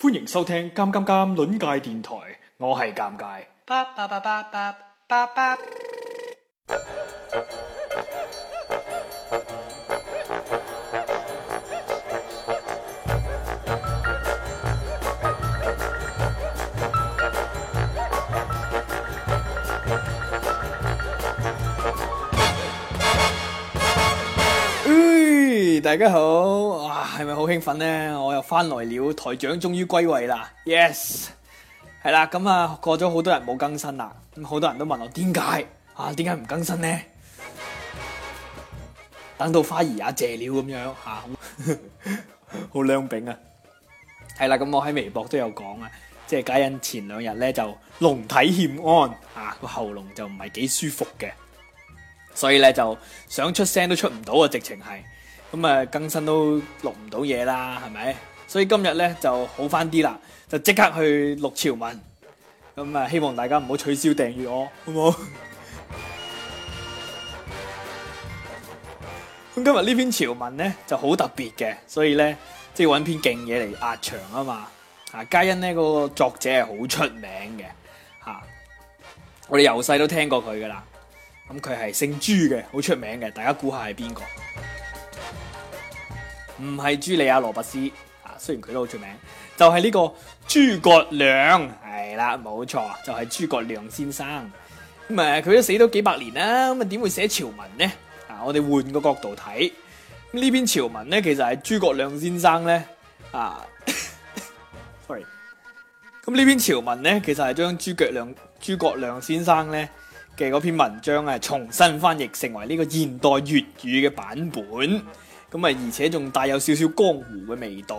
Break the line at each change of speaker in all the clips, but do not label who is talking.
歡迎收聽《尷尷尷》卵界電台，我係尷尬。 大家好，哇，係咪好興奮咧？我又翻來了，台長終於歸位啦，yes，係啦，咁啊過咗好多人冇更新啦，咁好多人都問我點解啊，點解唔更新咧？等到花兒也謝了咁樣吓，好，好靚餅啊，係啦，咁我喺微博都有講啊，即係皆因前兩日咧就龍體欠安啊，個喉嚨就唔係幾舒服嘅，所以咧就想出聲都出唔到啊，直情係。咁啊，更新都錄唔到嘢啦，係咪？所以今日咧就好返啲啦，就即刻去錄潮文。咁啊，希望大家唔好取消訂閱我，好唔好？咁 今日呢篇潮文咧就好特別嘅，所以咧即係搵篇勁嘢嚟壓場啊嘛。啊，皆因咧個作者係好出名嘅，嚇！我哋由細都聽過佢㗎喇。咁佢係姓朱嘅，好出名嘅，大家估下係邊個？唔係朱莉亞羅伯斯啊，雖然佢都好出名，就係、是、呢個諸葛亮係啦，冇錯啊，就係、是、諸葛亮先生。咁誒，佢都死咗幾百年啦，咁啊點會寫潮文呢？啊，我哋換個角度睇，呢篇潮文呢，其實係諸葛亮先生咧啊 ，sorry，咁呢篇潮文呢，其實係將諸葛亮諸葛亮先生咧嘅嗰篇文章啊，重新翻譯成為呢個現代粵語嘅版本。咁啊，而且仲帶有少少江湖嘅味道，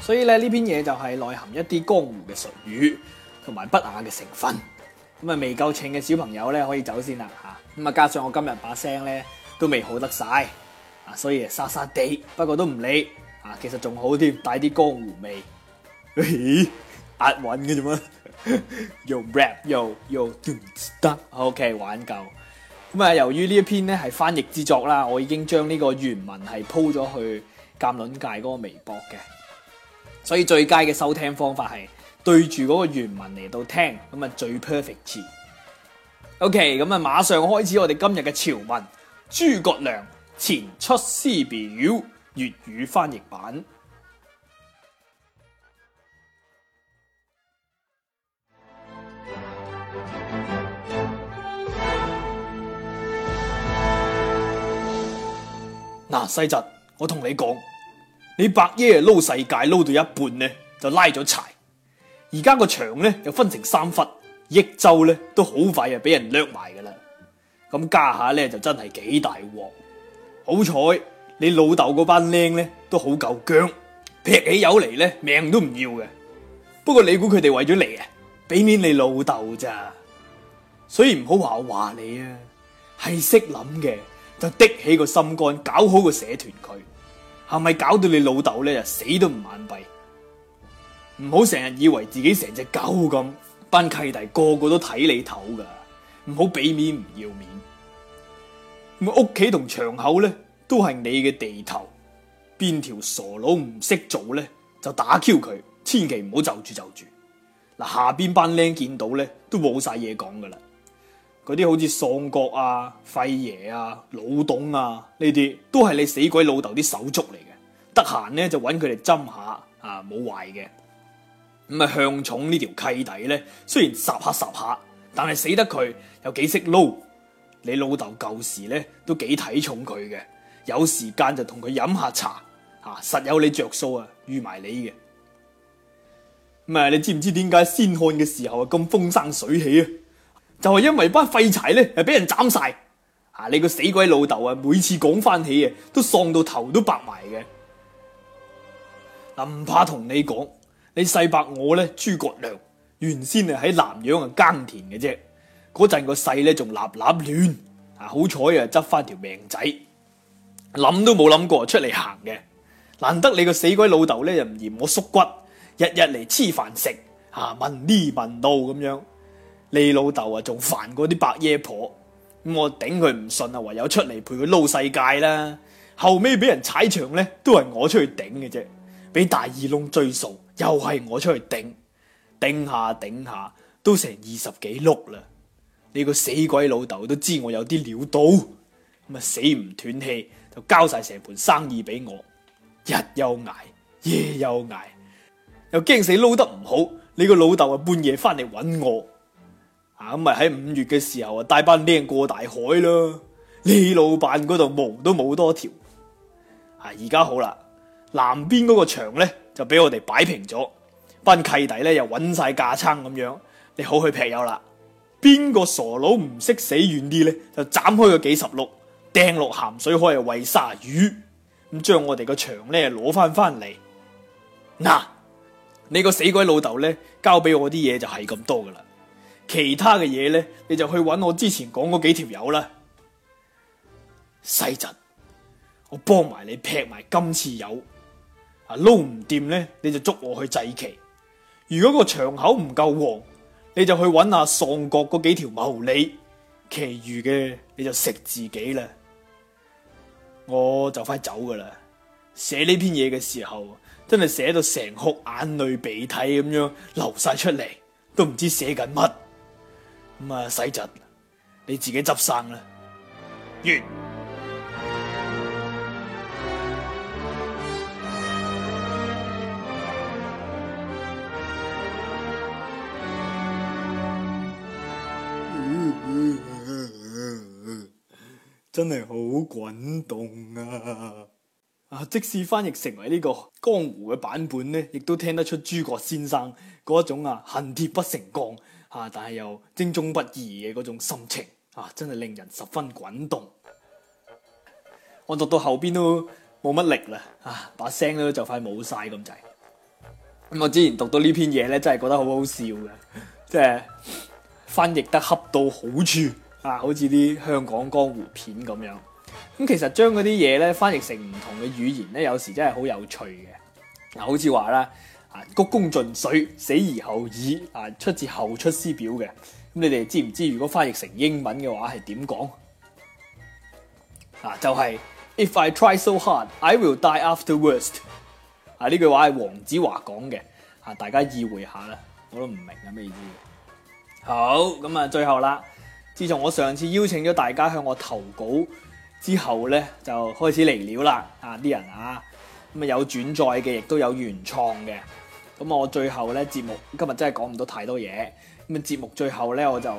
所以咧呢篇嘢就係內含一啲江湖嘅俗語同埋不雅嘅成分。咁、嗯、啊，未夠秤嘅小朋友咧可以先走先啦嚇。咁啊，加上我今日把聲咧都未好得晒，啊，所以沙沙地，不過都唔理啊。其實仲好添，帶啲江湖味。押韻嘅做乜？又 rap 又又 dance。OK，玩夠。咁啊，由於呢一篇咧係翻譯之作啦，我已經將呢個原文係 po 咗去尷卵尬嗰個微博嘅，所以最佳嘅收聽方法係對住嗰個原文嚟到聽，咁啊，最 perfect。O.K.，咁啊，馬上開始我哋今日嘅潮文《諸葛亮前出師表》（廟粵語翻譯版。嗱，世侄、啊，我同你講，你伯爺撈世界撈到一半呢，就拉咗柴。而家個牆呢又分成三忽，益州呢都好快就俾人掠埋㗎喇。咁家下呢就真係幾大鑊。好彩你老豆嗰班僆呢都好夠薑。劈起友嚟呢命都唔要嘅。不過你估佢哋為咗你啊，俾面你老豆咋？所以唔好話我話你啊，係識諗嘅。就滴起個心肝，搞好個社團佢，係咪搞到你老豆咧？死都唔眼閉，唔好成日以為自己成隻狗咁，班契弟個個都睇你頭噶，唔好俾面唔要面。我屋企同牆口咧都係你嘅地頭，邊條傻佬唔識做咧就打 Q 佢，千祈唔好就住就住。嗱，下邊班僆見到咧都冇晒嘢講噶啦。嗰啲好似喪國啊、費爺啊、老董啊呢啲，都係你死鬼老豆啲手足嚟嘅。得閒呢就搵佢哋斟下啊，冇壞嘅。咁、嗯、啊向寵呢條契弟呢，雖然插下插下，但係死得佢又幾識撈。你老豆舊時呢都幾睇重佢嘅，有時間就同佢飲下茶啊，實有你着數啊，預埋你嘅。唔、嗯、係你知唔知點解先漢嘅時候啊咁風生水起啊？就係因為班廢柴咧，又俾人斬晒啊！你個死鬼老豆啊，每次講翻起啊，都喪到頭都白埋嘅。嗱，唔怕同你講，你細伯我咧，諸葛亮原先啊喺南陽啊耕田嘅啫。嗰陣個世咧仲立立亂啊，好彩啊執翻條命仔，諗都冇諗過出嚟行嘅。難得你個死鬼老豆咧又唔嫌我縮骨，日日嚟黐飯食啊問呢問路咁樣。你老豆啊，仲煩過啲白夜婆咁，我頂佢唔順啊，唯有出嚟陪佢撈世界啦。後尾俾人踩場咧，都係我出去頂嘅啫。俾大耳窿追數，又係我出去頂頂下頂下，都成二十幾碌啦。你個死鬼老豆都知我有啲料到咁啊，死唔斷氣就交晒成盤生意俾我，日又捱夜又捱，又驚死撈得唔好，你個老豆啊半夜翻嚟揾我。啊，咁咪喺五月嘅時候啊，帶班僆過大海咯？李老闆嗰度毛都冇多條。啊，而家好啦，南邊嗰個牆咧就俾我哋擺平咗，班契弟咧又揾晒架撐咁樣，你好去劈友啦。邊個傻佬唔識死遠啲咧，就斬開個幾十六，掟落鹹水海啊餵鯊魚，咁將我哋個牆咧攞翻翻嚟。嗱、啊，你個死鬼老豆咧，交俾我啲嘢就係咁多噶啦。其他嘅嘢咧，你就去揾我之前講嗰幾條友啦。細侄，我幫埋你劈埋今次友啊，撈唔掂咧，你就捉我去祭旗。如果個場口唔夠旺，你就去揾下喪國嗰幾條謀利，其餘嘅你就食自己啦。我就快走噶啦。寫呢篇嘢嘅時候，真係寫到成哭，眼淚鼻涕咁樣流晒出嚟，都唔知寫緊乜。咁啊，使侄你自己執生啦，完。 真係好滾動啊！啊，即使翻譯成為呢個江湖嘅版本呢，亦都聽得出諸葛先生嗰種啊恨鐵不成鋼。啊！但係又精忠不二嘅嗰種心情啊，真係令人十分滾動。我讀到後邊都冇乜力啦，啊，把聲都就快冇晒咁滯。咁我之前讀到呢篇嘢咧，真係覺得好好笑嘅，即係翻譯得恰到好處啊，好似啲香港江湖片咁樣。咁其實將嗰啲嘢咧翻譯成唔同嘅語言咧，有時真係好有趣嘅。嗱，好似話啦。鞠躬盡瘁，死而後已。啊，出自《後出師表》嘅。咁你哋知唔知如果翻譯成英文嘅話係點講？啊，就係、是、 If I try so hard, I will die afterwards. 啊，呢句話係黃子華講嘅。啊，大家意會下啦，我都唔明係咩意思。好，咁啊，最後啦。自從我上次邀請咗大家向我投稿之後咧，就開始嚟料啦。啊，啲人啊，咁啊有轉載嘅，亦都有原創嘅。咁我最後咧節目今日真係講唔到太多嘢，咁啊節目最後咧我就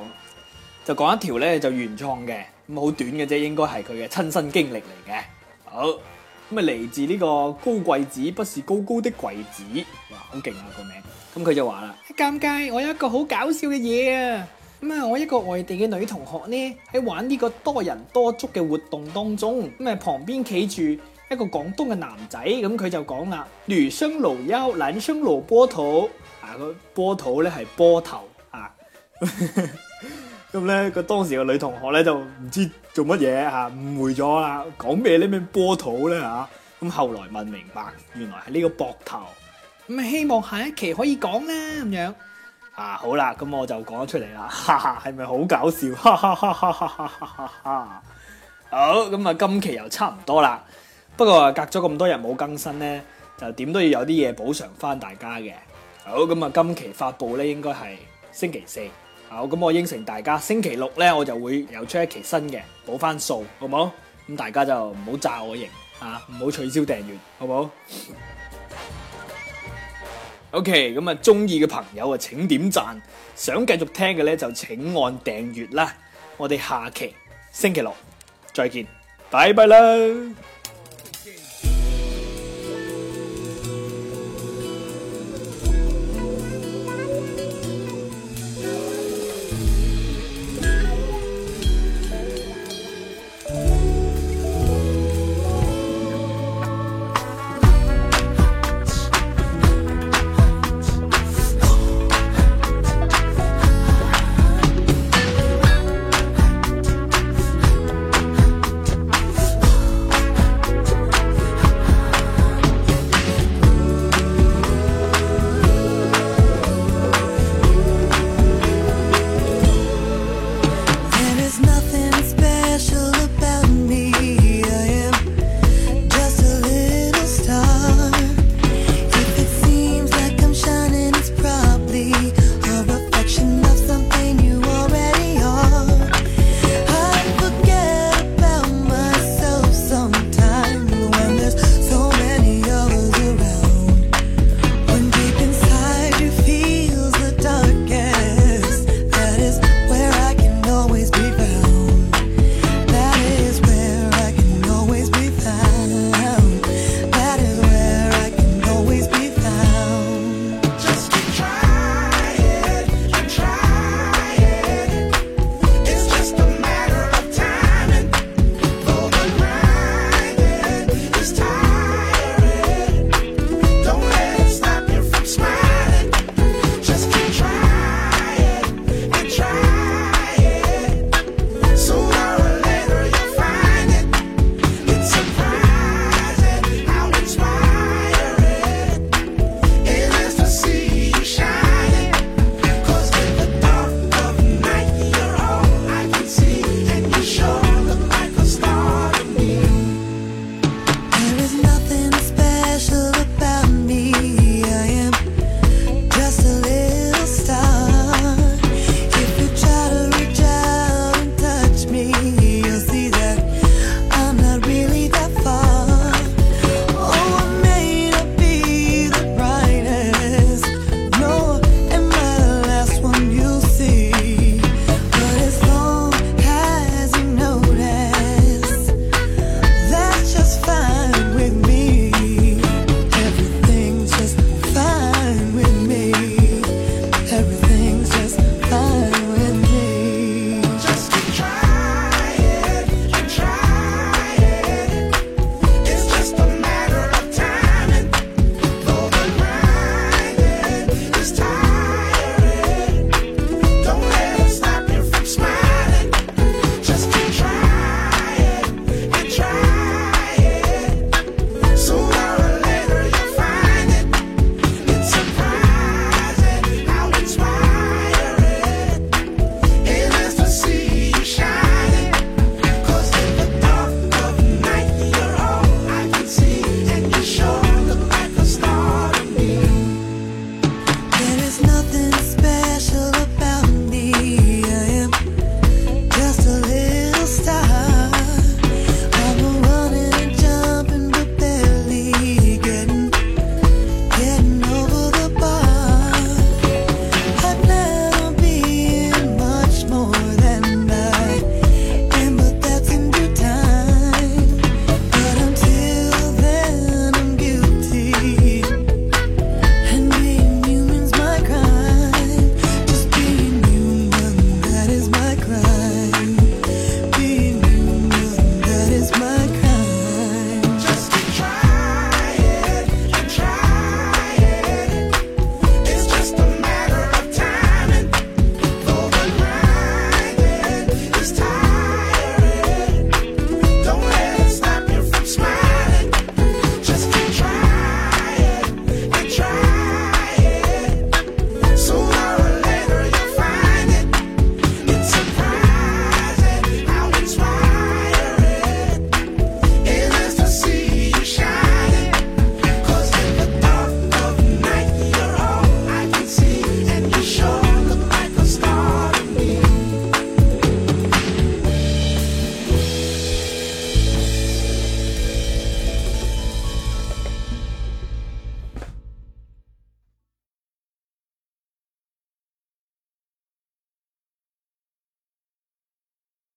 就講一條咧就原創嘅，咁好短嘅啫，應該係佢嘅親身經歷嚟嘅。好，咁啊嚟自呢個高貴子，不是高高的貴子，哇好勁啊個名！咁佢就話啦：尷尬，我有一個好搞笑嘅嘢啊！咁啊，我一個外地嘅女同學呢，喺玩呢個多人多足嘅活動當中，咁啊旁邊企住。一個廣東嘅男仔咁，佢就講啦：女生露幽，男生露、啊、波肚。波肚啊。個波肚咧係波頭啊。咁咧，佢當時個女同學咧就唔知做乜嘢吓，誤會咗啦，講咩呢？咩波肚咧吓。咁、啊、後來問明白，原來係呢個膊頭。咁、嗯、希望下一期可以講啦，咁樣啊好啦，咁我就講咗出嚟啦，係咪好搞笑？哈哈，哈，哈，哈，哈，好咁啊，今期又差唔多啦。不過隔咗咁多日冇更新呢，就點都要有啲嘢補償翻大家嘅。好咁啊，今期發佈呢應該係星期四。好咁，我應承大家，星期六呢我就會又出一期新嘅補翻數，好唔好？咁大家就唔好炸我型吓，啊，唔好取消訂閱，好唔好？OK，咁啊，中意嘅朋友啊，請點讚。想繼續聽嘅呢，就請按訂閱啦。我哋下期星期六再見，拜拜啦。